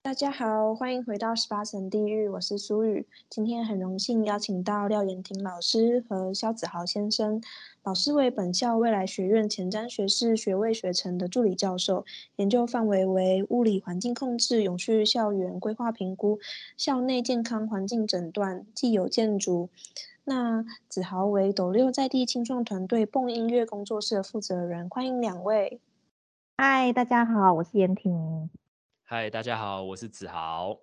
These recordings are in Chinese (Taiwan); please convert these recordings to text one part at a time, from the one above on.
大家好，歡迎回到十八層地獄，我是蘇雨。今天很榮幸邀請到廖妍婷老師和蕭梓豪先生。老師為本校未來學院前瞻學士學位學程的助理教授，研究範圍為物理環境控制、永續校園規劃評估、校內健康環境診斷、既有建築。那梓豪為斗六在地青創團隊蹦音樂工作室的負責人，歡迎兩位。嗨，大家好，我是妍婷。嗨，大家好，我是子豪。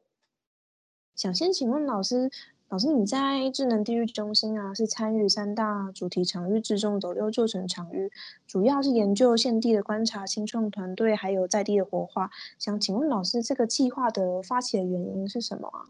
想先請問老師，老師你在智能地域中心啊，是參與三大主題場域之中斗六舊城場域，主要是研究現地的觀察、青創團隊還有在地的活化。想請問老師，這個計劃的發起的原因是什麼啊？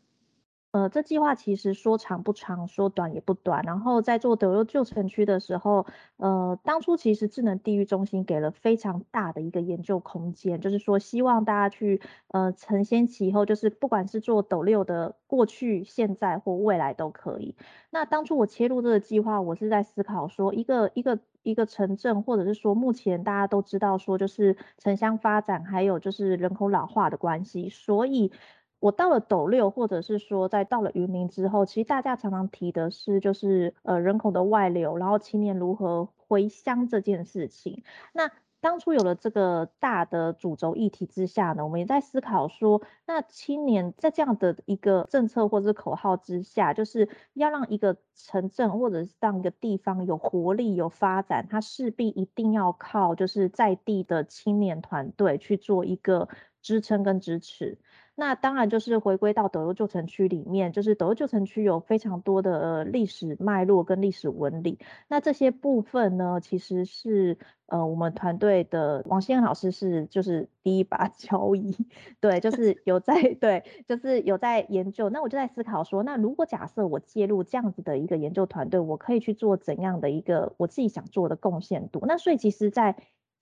呃，這計劃其實說長不長，說短也不短。然後在做斗六舊城區的時候，呃，當初其實智能地域中心給了非常大的一個研究空間，就是說希望大家去呃承先啟後，就是不管是做斗六的過去、現在或未來都可以。那當初我切入這個計劃，我是在思考說一，一個一個一個城鎮，或者是說目前大家都知道說就是城鄉發展，還有就是人口老化的關係，所以。我到了斗六，或者是說在到了雲林之後，其實大家常常提的是，就是呃人口的外流，然後青年如何回鄉這件事情。那當初有了這個大的主軸議題之下呢，我們也在思考說，那青年在這樣的一個政策或者是口號之下，就是要讓一個城鎮或者是讓一個地方有活力有發展，它勢必一定要靠就是在地的青年團隊去做一個支撐跟支持。那當然就是回歸到斗六舊城區裡面，就是斗六舊城區有非常多的歷史脈絡跟歷史紋理。那這些部分呢，其實是呃我們團隊的王新恩老師是就是第一把交椅，對，就是有在 對，就是有在研究。那我就在思考說，那如果假設我介入這樣子的一個研究團隊，我可以去做怎樣的一個我自己想做的貢獻度？那所以其實，在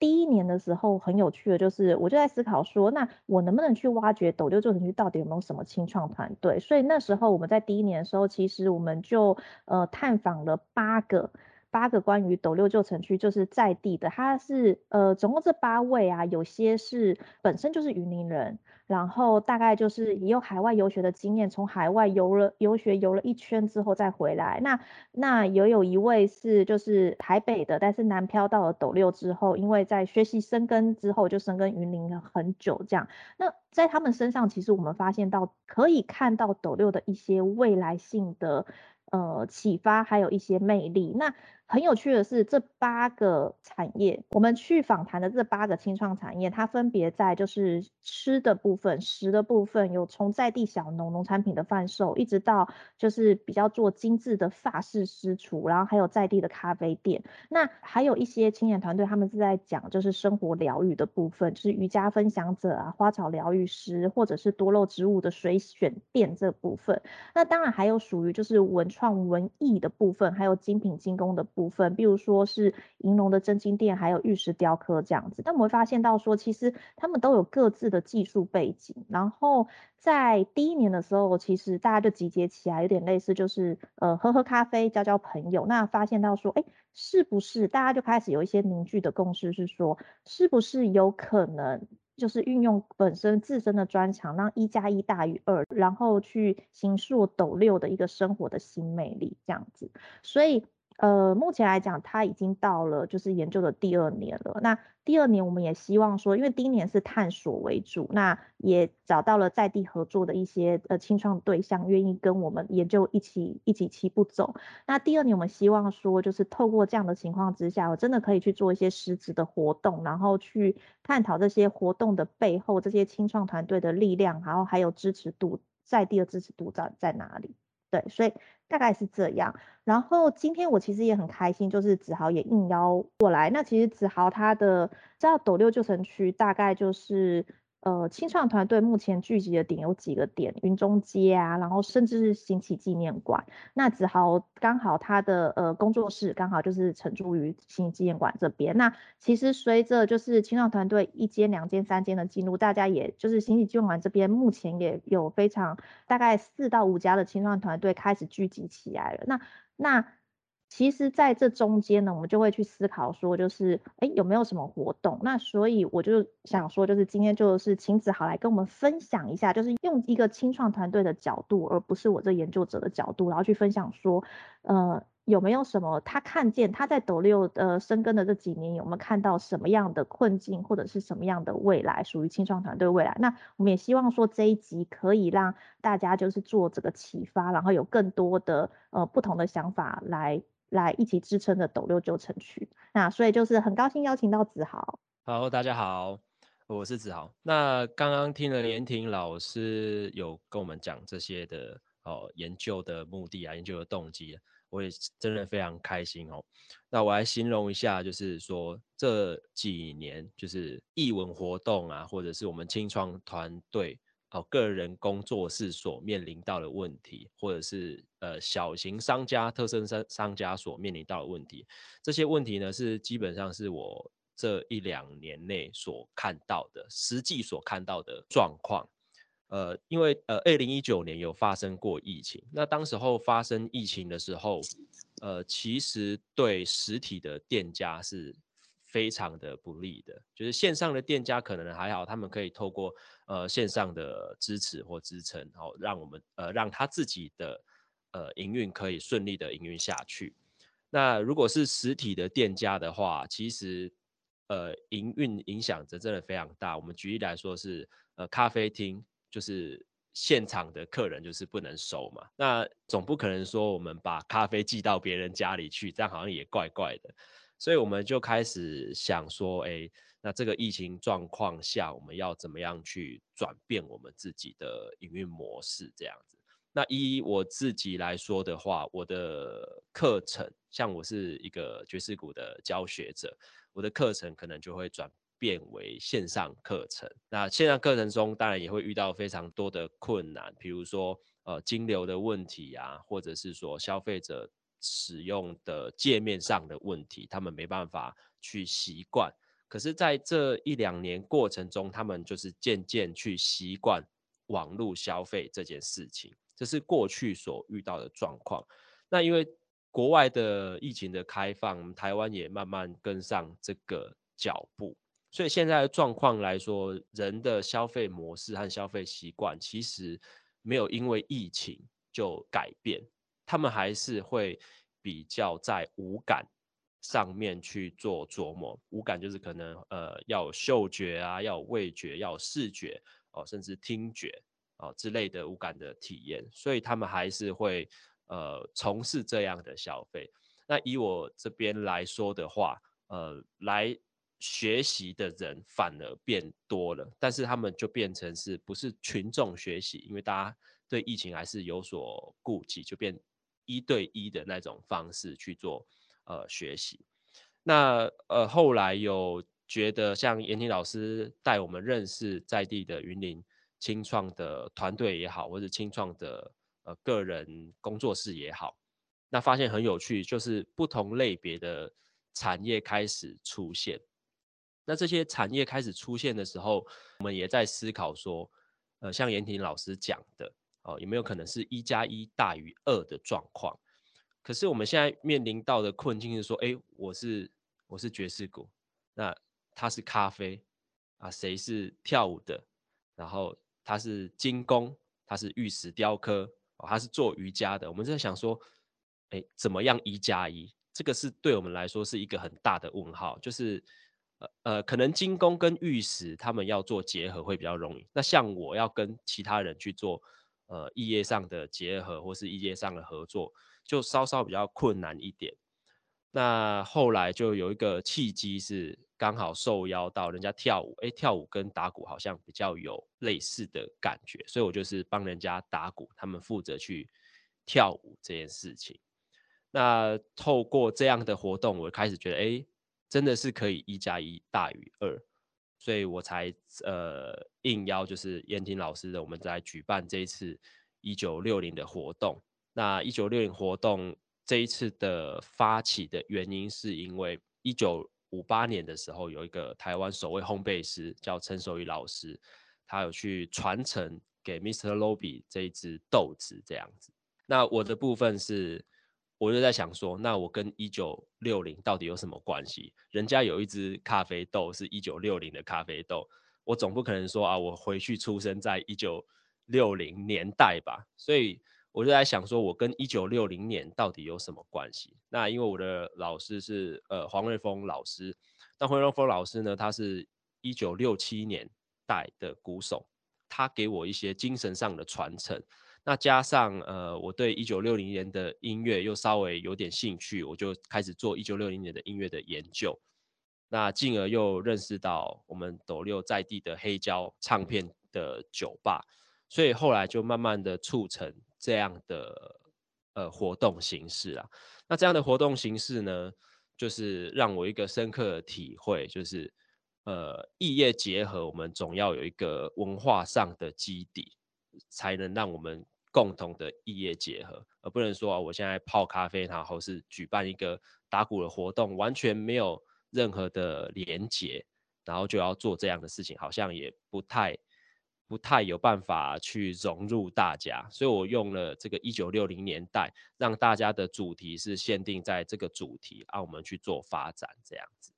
第一年的時候很有趣的，就是我就在思考說，那我能不能去挖掘斗六舊城區到底有沒有什麼青創團隊？所以那時候我們在第一年的時候，其實我們就呃探訪了八個。八個關於斗六舊城區，就是在地的，他是呃，總共這八位啊，有些是本身就是雲林人，然後大概就是也有海外遊學的經驗，從海外遊了遊學遊了一圈之後再回來，那那也有一位是就是台北的，但是南漂到了斗六之後，因為在學習深耕之後就深耕雲林了很久這樣，那在他們身上其實我們發現到可以看到斗六的一些未來性的呃啟發，還有一些魅力，那。很有趣的是，這八個產業，我們去訪談的這八個青創產業，它分別在就是吃的部分、食的部分，有從在地小農農產品的販售，一直到就是比較做精致的法式師廚，然後還有在地的咖啡店。那還有一些青年團隊，他們是在講就是生活療癒的部分，就是瑜伽分享者啊、花草療癒師，或者是多肉植物的水選店這部分。那當然還有屬於就是文創文藝的部分，還有精品精工的部分，比如說是銀龍的真金店，還有玉石雕刻這樣子，但我們會發現到說，其實他們都有各自的技術背景。然後在第一年的時候，其實大家就集結起來，有點類似就是呃喝喝咖啡，交交朋友。那發現到說，誒、欸，是不是大家就開始有一些凝聚的共識，是說是不是有可能就是運用本身自身的專長，讓一加一大於二，然後去形塑斗六的一個生活的新魅力這樣子，所以。呃，目前來講，他已經到了就是研究的第二年了。那第二年，我們也希望說，因為第一年是探索為主，那也找到了在地合作的一些呃青創對象，願意跟我們研究一起一起齊步走。那第二年，我們希望說，就是透過這樣的情況之下，我真的可以去做一些實質的活動，然後去探討這些活動的背後，這些青創團隊的力量，然後還有支持度，在地的支持度在在哪裡？對，所以大概是這樣。然後今天我其實也很開心，就是梓豪也應邀過來。那其實梓豪他的叫斗六舊城區，大概就是。呃，青創團隊目前聚集的點有幾個點，雲中街啊，然後甚至是行啟紀念館。那子豪剛好他的呃工作室剛好就是承租於行啟紀念館這邊。那其實隨着就是青創團隊一間兩間三間的進入，大家也就是行啟紀念館這邊目前也有非常大概四到五家的青創團隊開始聚集起來了。那那。其實在這中間呢，我們就會去思考說，就是哎有沒有什麼活動？那所以我就想說，就是今天就是請梓豪來跟我們分享一下，就是用一個青創團隊的角度，而不是我這研究者的角度，然後去分享說，呃有沒有什麼他看見他在斗六呃生根的這幾年有沒有看到什麼樣的困境或者是什麼樣的未來屬於青創團隊未來？那我們也希望說這一集可以讓大家就是做這個啟發，然後有更多的呃不同的想法來。來一起支撐的斗六舊城區，那所以就是很高興邀請到梓豪。好，大家好，我是梓豪。那剛剛聽了妍婷老師有跟我們講這些的哦，研究的目的啊，研究的動機啊，我也真的非常開心哦。那我來形容一下，就是說這幾年就是藝文活動啊，或者是我們青創團隊。好，個人工作室所面臨到的問題，或者是呃小型商家、特生商商家所面臨到的問題，這些問題呢是基本上是我這一兩年內所看到的，實際所看到的狀況。呃，因為呃二零一九年有發生過疫情，那當時候發生疫情的時候，呃其實對實體的店家是。非常的不利的，就是線上的店家可能還好，他們可以透過呃線上的支持或支撐，好讓我們呃讓他自己的呃營運可以順利的營運下去。那如果是實體的店家的話，其實呃營運影響着真的非常大。我們舉例來說是呃咖啡廳，就是現場的客人就是不能收嘛，那總不可能說我們把咖啡寄到別人家裡去，這樣好像也怪怪的。所以我們就開始想說，哎，那這個疫情狀況下，我們要怎麼樣去轉變我們自己的營運模式這樣子。那依我自己來說的話，我的課程，像我是一個爵士鼓的教學者，我的課程可能就會轉變為線上課程。那線上課程中，當然也會遇到非常多的困難，比如說，呃，金流的問題啊，或者是說消費者。使用的界面上的問題，他們沒辦法去習慣。可是，在這一兩年過程中，他們就是漸漸去習慣網絡消費這件事情。這是過去所遇到的狀況。那因為國外的疫情的開放，我們台灣也慢慢跟上這個腳步。所以，現在的狀況來說，人的消費模式和消費習慣其實沒有因為疫情就改變。他們還是會比較在五感上面去做琢磨，五感就是可能呃要有嗅覺啊，要有味覺，要有視覺哦、呃，甚至聽覺哦、呃、之類的五感的體驗，所以他們還是會呃從事這樣的消費。那以我這邊來說的話，呃，來學習的人反而變多了，但是他們就變成是不是群眾學習？因為大家對疫情還是有所顧忌，就變。一對一的那種方式去做呃學習，那呃後來有覺得像妍婷老師帶我們認識在地的雲林青創的團隊也好，或者青創的呃個人工作室也好，那發現很有趣，就是不同類別的產業開始出現。那這些產業開始出現的時候，我們也在思考說，呃像妍婷老師講的。哦，有沒有可能是一加一大於二的狀況？可是我們現在面臨到的困境是說，哎，我是我是爵士鼓，那他是咖啡啊，誰是跳舞的？然後他是精工，他是玉石雕刻，哦，他是做瑜伽的。我們在想說，哎，怎麼樣一加一？這個是對我們來說是一個很大的問號。就是呃呃，可能精工跟玉石他們要做結合會比較容易。那像我要跟其他人去做。呃，異業上的結合或是異業上的合作，就稍稍比較困難一點。那後來就有一個契機，是剛好受邀到人家跳舞，哎，跳舞跟打鼓好像比較有類似的感覺，所以我就是幫人家打鼓，他們負責去跳舞這件事情。那透過這樣的活動，我開始覺得，哎，真的是可以一加一大於二，所以我才呃。應邀就是妍婷老師的，我們在舉辦這一次一九六零的活動。那一九六零活動這一次的發起的原因，是因為一九五八年的時候，有一個台灣首位烘焙師叫陳守宜老師，他有去傳承給 Mr. Lobby 這一支豆子這樣子。那我的部分是，我就在想說，那我跟一九六零到底有什麼關係？人家有一支咖啡豆是一九六零的咖啡豆。我總不可能說啊，我回去出生在一九六零年代吧，所以我就在想說，我跟一九六零年到底有什麼關係？那因為我的老師是呃黃瑞峰老師，那黃瑞峰老師呢，他是一九六七年代的鼓手，他給我一些精神上的傳承，那加上呃我對一九六零年的音樂又稍微有點興趣，我就開始做一九六零年的音樂的研究。那進而又認識到我們斗六在地的黑膠唱片的酒吧，所以後來就慢慢的促成這樣的呃活動形式啊。那這樣的活動形式呢，就是讓我一個深刻的體會，就是呃異業結合，我們總要有一個文化上的基底，才能讓我們共同的異業結合，而不能說，啊，我現在泡咖啡，然後是舉辦一個打鼓的活動，完全沒有。任何的連結，然後就要做這樣的事情，好像也不太、不太有辦法去融入大家，所以我用了這個一九六零年代，讓大家的主題是限定在這個主題，讓、啊、我們去做發展這樣子。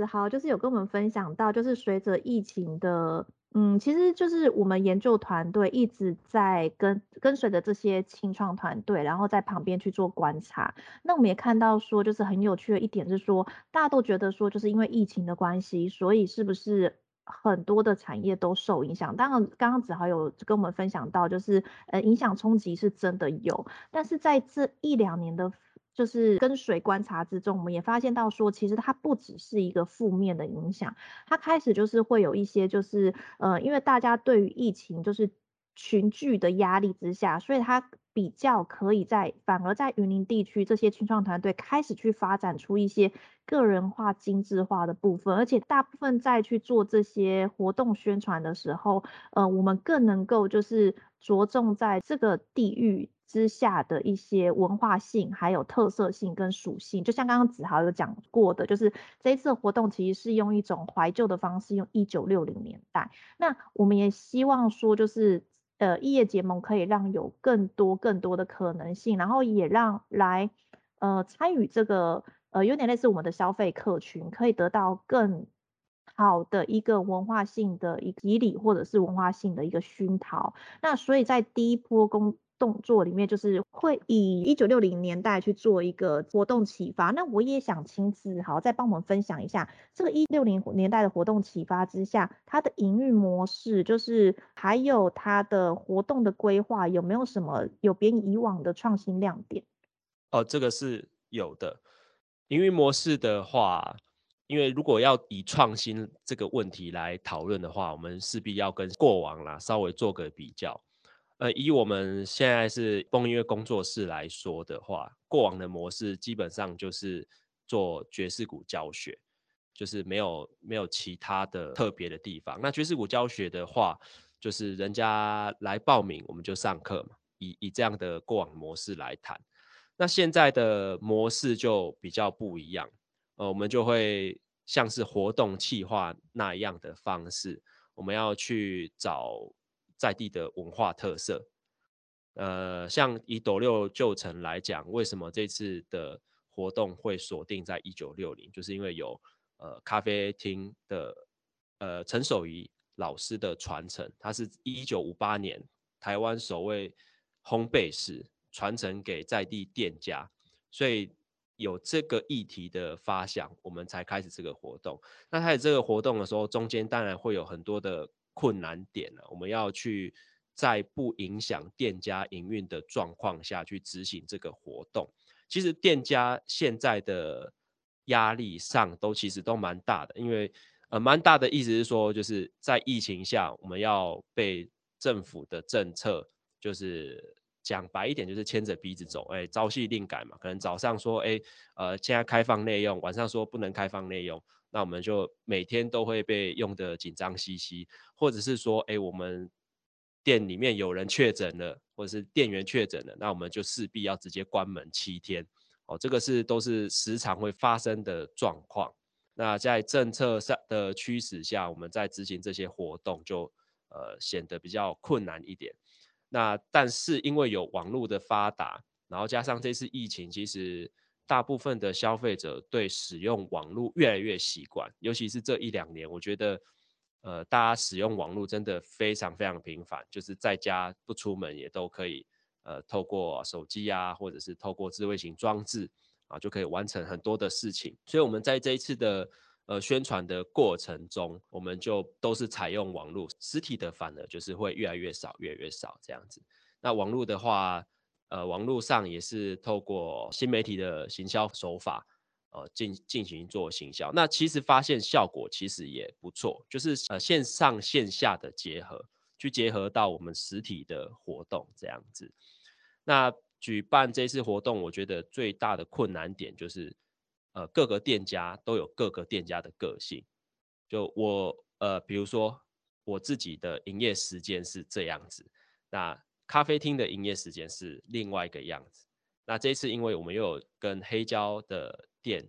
梓豪就是有跟我們分享到，就是隨着疫情的。嗯，其實就是我們研究團隊一直在跟跟隨着這些青創團隊，然後在旁邊去做觀察。那我們也看到說，就是很有趣的一點就是說，大家都覺得說，就是因為疫情的關係，所以是不是很多的產業都受影響？當然，剛剛梓豪有跟我們分享到，就是呃、嗯，影響衝擊是真的有，但是在這一兩年的。就是跟隨觀察之中，我們也發現到說，其實它不只是一個負面的影響，它開始就是會有一些，就是呃，因為大家對於疫情就是群聚的壓力之下，所以它比較可以在反而在雲林地區這些青創團隊開始去發展出一些個人化、精緻化的部分，而且大部分在去做這些活動宣傳的時候，呃，我們更能夠就是着重在這個地域之下的一些文化性，還有特色性跟屬性，就像剛剛子豪有講過的，就是這一次活動其實是用一種懷舊的方式，用一九六零年代。那我們也希望說，就是呃異業結盟可以讓有更多更多的可能性，然後也讓來呃參與這個呃有點類似我們的消費客群，可以得到更好的一個文化性的一洗禮，或者是文化性的一個熏陶。那所以在第一波公動作裡面就是會以一九六零年代去做一個活動啟發，那我也想請梓豪好再幫我們分享一下這個一六零年代的活動啟發之下，它的營運模式就是還有它的活動的規劃有沒有什麼有別於以往的創新亮點？哦，這個是有的。營運模式的話，因為如果要以創新這個問題來討論的話，我們勢必要跟過往啦稍微做個比較。呃，以我們現在是蹦音樂工作室來說的話，過往的模式基本上就是做爵士鼓教學，就是沒有沒有其他的特別的地方。那爵士鼓教學的話，就是人家來報名，我們就上課嘛，以以這樣的過往模式來談。那現在的模式就比較不一樣，呃，我們就會像是活動企劃那樣的方式，我們要去找。在地的文化特色，呃，像以斗六舊城來講，為什麼這次的活動會鎖定在一九六零？就是因為有呃咖啡廳的呃陳守宜老師的傳承，他是一九五八年台灣首位烘豆師，傳承給在地店家，所以有這個議題的發想，我們才開始這個活動。那開始這個活動的時候，中間當然會有很多的。困難點了，我們要去在不影響店家營運的狀況下去執行這個活動。其實店家現在的壓力上都其實都蠻大的，因為呃蠻大的意思是說，就是在疫情下，我們要被政府的政策，就是講白一點，就是牽着鼻子走，誒、欸，朝夕令改嘛，可能早上說，哎、欸，呃，現在開放內用，晚上說不能開放內用。那我們就每天都會被用得緊張兮兮，或者是說，哎，我們店裡面有人確診了，或者是店員確診了，那我們就勢必要直接關門七天。哦，這個是都是時常會發生的狀況。那在政策上的驅使下，我們在執行這些活動就呃顯得比較困難一點。那但是因為有網絡的發達，然後加上這次疫情，其實。大部分的消費者對使用網絡越來越習慣，尤其是這一兩年，我覺得，呃，大家使用網絡真的非常非常頻繁，就是在家不出門也都可以，呃，透過手機啊，或者是透過智慧型裝置啊，就可以完成很多的事情。所以，我們在這一次的呃宣傳的過程中，我們就都是採用網絡，實體的反而就是會越來越少，越來越少這樣子。那網絡的話，呃，網絡上也是透過新媒體的行銷手法，呃，進進行做行銷。那其實發現效果其實也不錯，就是呃線上線下的結合，去結合到我們實體的活動這樣子。那舉辦這次活動，我覺得最大的困難點就是，呃，各個店家都有各個店家的個性。就我呃，比如說我自己的營業時間是這樣子，那，咖啡廳的營業時間是另外一個樣子，那這一次因為我們又有跟黑膠的店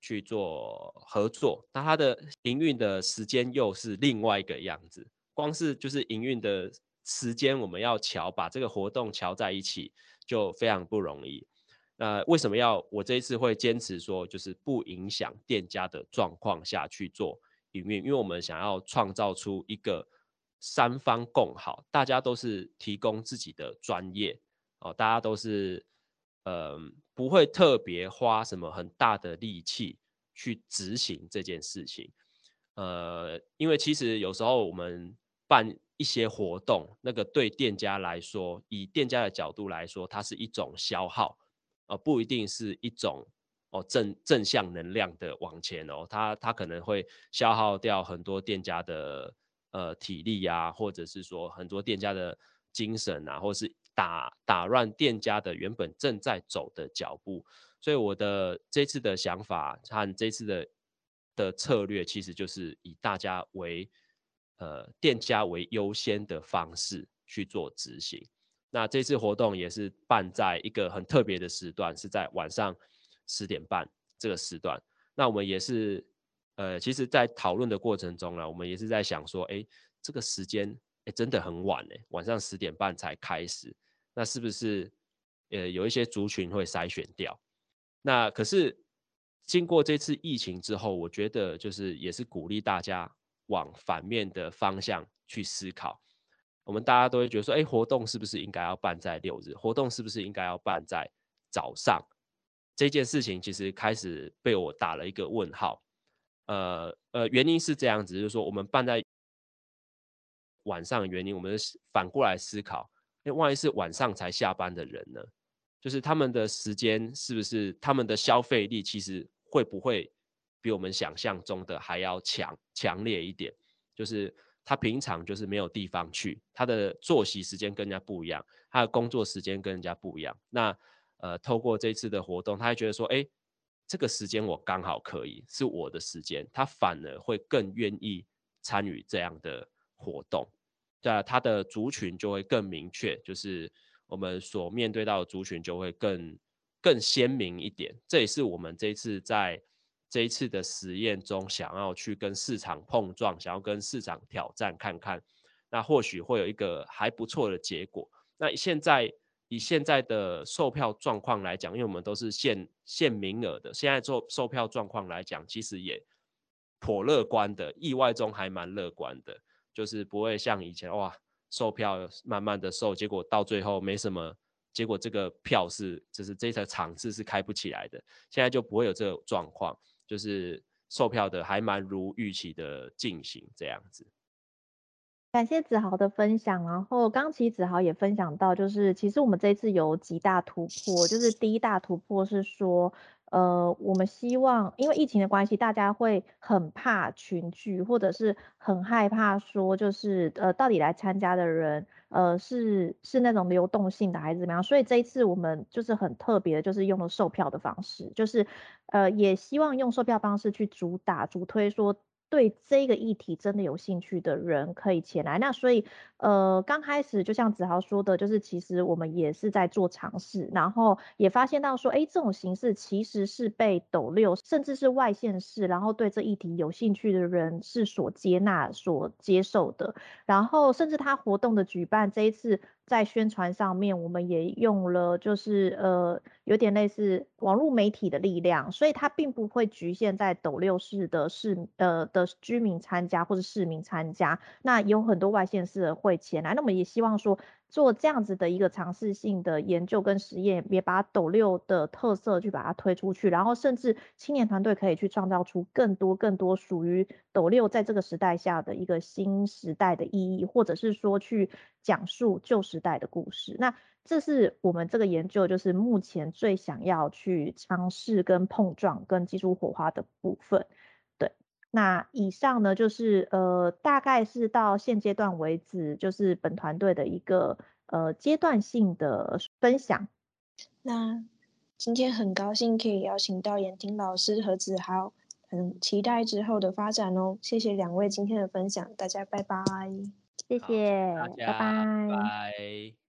去做合作，那它的營運的時間又是另外一個樣子。光是就是營運的時間，我們要喬，把這個活動喬在一起，就非常不容易。那為什麼要我這一次會堅持說，就是不影響店家的狀況下去做營運，因為我們想要創造出一個。三方共好，大家都是提供自己的專業哦，大家都是嗯、呃、不會特別花什麼很大的力氣去執行這件事情，呃，因為其實有時候我們辦一些活動，那個對店家來說，以店家的角度來說，它是一種消耗哦、呃，不一定是一種哦正正向能量的往前哦，它它可能會消耗掉很多店家的。呃，體力啊，或者是說很多店家的精神啊，或是打打亂店家的原本正在走的腳步，所以我的這次的想法和這次的的策略，其實就是以大家為呃店家為優先的方式去做執行。那這次活動也是辦在一個很特別的時段，是在晚上十點半這個時段。那我們也是。呃，其實，在討論的過程中呢、啊，我們也是在想說，哎，這個時間，哎，真的很晚，哎，晚上十點半才開始，那是不是，呃，有一些族群會篩選掉？那可是，經過這次疫情之後，我覺得就是也是鼓勵大家往反面的方向去思考。我們大家都會覺得說，哎，活動是不是應該要辦在六日？活動是不是應該要辦在早上？這件事情其實開始被我打了一個問號。呃呃，原因是這樣子，就是說我們辦在晚上的原因，我們反過來思考，那、欸、萬一是晚上才下班的人呢？就是他們的時間是不是，他們的消費力其實會不會比我們想象中的還要強強烈一點？就是他平常就是沒有地方去，他的作息時間跟人家不一樣，他的工作時間跟人家不一樣。那呃，透過這次的活動，他會覺得說，哎、欸。這個時間我剛好可以是我的時間，他反而會更願意參與這樣的活動，他的族群就會更明確，就是我們所面對到的族群就會更更鮮明一點。這也是我們這一次在這一次的實驗中，想要去跟市場碰撞，想要跟市場挑戰看看，那或許會有一個還不錯的結果。那現在。以現在的售票狀況來講，因為我們都是限限名額的，現在售售票狀況來講，其實也頗樂觀的，意外中還蠻樂觀的，就是不會像以前哇，售票慢慢的售，結果到最後沒什麼結果，這個票是就是這一場次是開不起來的，現在就不會有這種狀況，就是售票的還蠻如預期的進行這樣子。感謝梓豪的分享，然後剛其實梓豪也分享到，就是其實我們這一次有幾大突破，就是第一大突破是說，呃，我們希望因為疫情的關係，大家會很怕群聚，或者是很害怕說就是呃到底來參加的人，呃是是那種流動性的還是怎麼樣，所以這一次我們就是很特別的，就是用了售票的方式，就是呃也希望用售票方式去主打主推說。對這個議題真的有興趣的人可以前來。那所以，呃，剛開始就像梓豪說的，就是其實我們也是在做嘗試，然後也發現到說，哎，這種形式其實是被斗六，甚至是外縣市，然後對這議題有興趣的人是所接納、所接受的。然後，甚至他活動的舉辦這一次。在宣傳上面，我們也用了，就是呃，有點類似網絡媒體的力量，所以它並不會局限在斗六市的市呃的居民參加或者市民參加，那有很多外縣市會前來，那我們也希望說。做這樣子的一個嘗試性的研究跟實驗，也把斗六的特色去把它推出去，然後甚至青年團隊可以去創造出更多更多屬於斗六在這個時代下的一個新時代的意義，或者是說去講述舊時代的故事。那這是我們這個研究就是目前最想要去嘗試跟碰撞跟激出火花的部分。那以上呢，就是呃，大概是到現階段為止，就是本團隊的一個呃階段性的分享。那今天很高興可以邀請到妍婷老師和梓豪，很期待之後的發展哦。謝謝兩位今天的分享，大家拜拜。謝謝，拜拜。拜拜。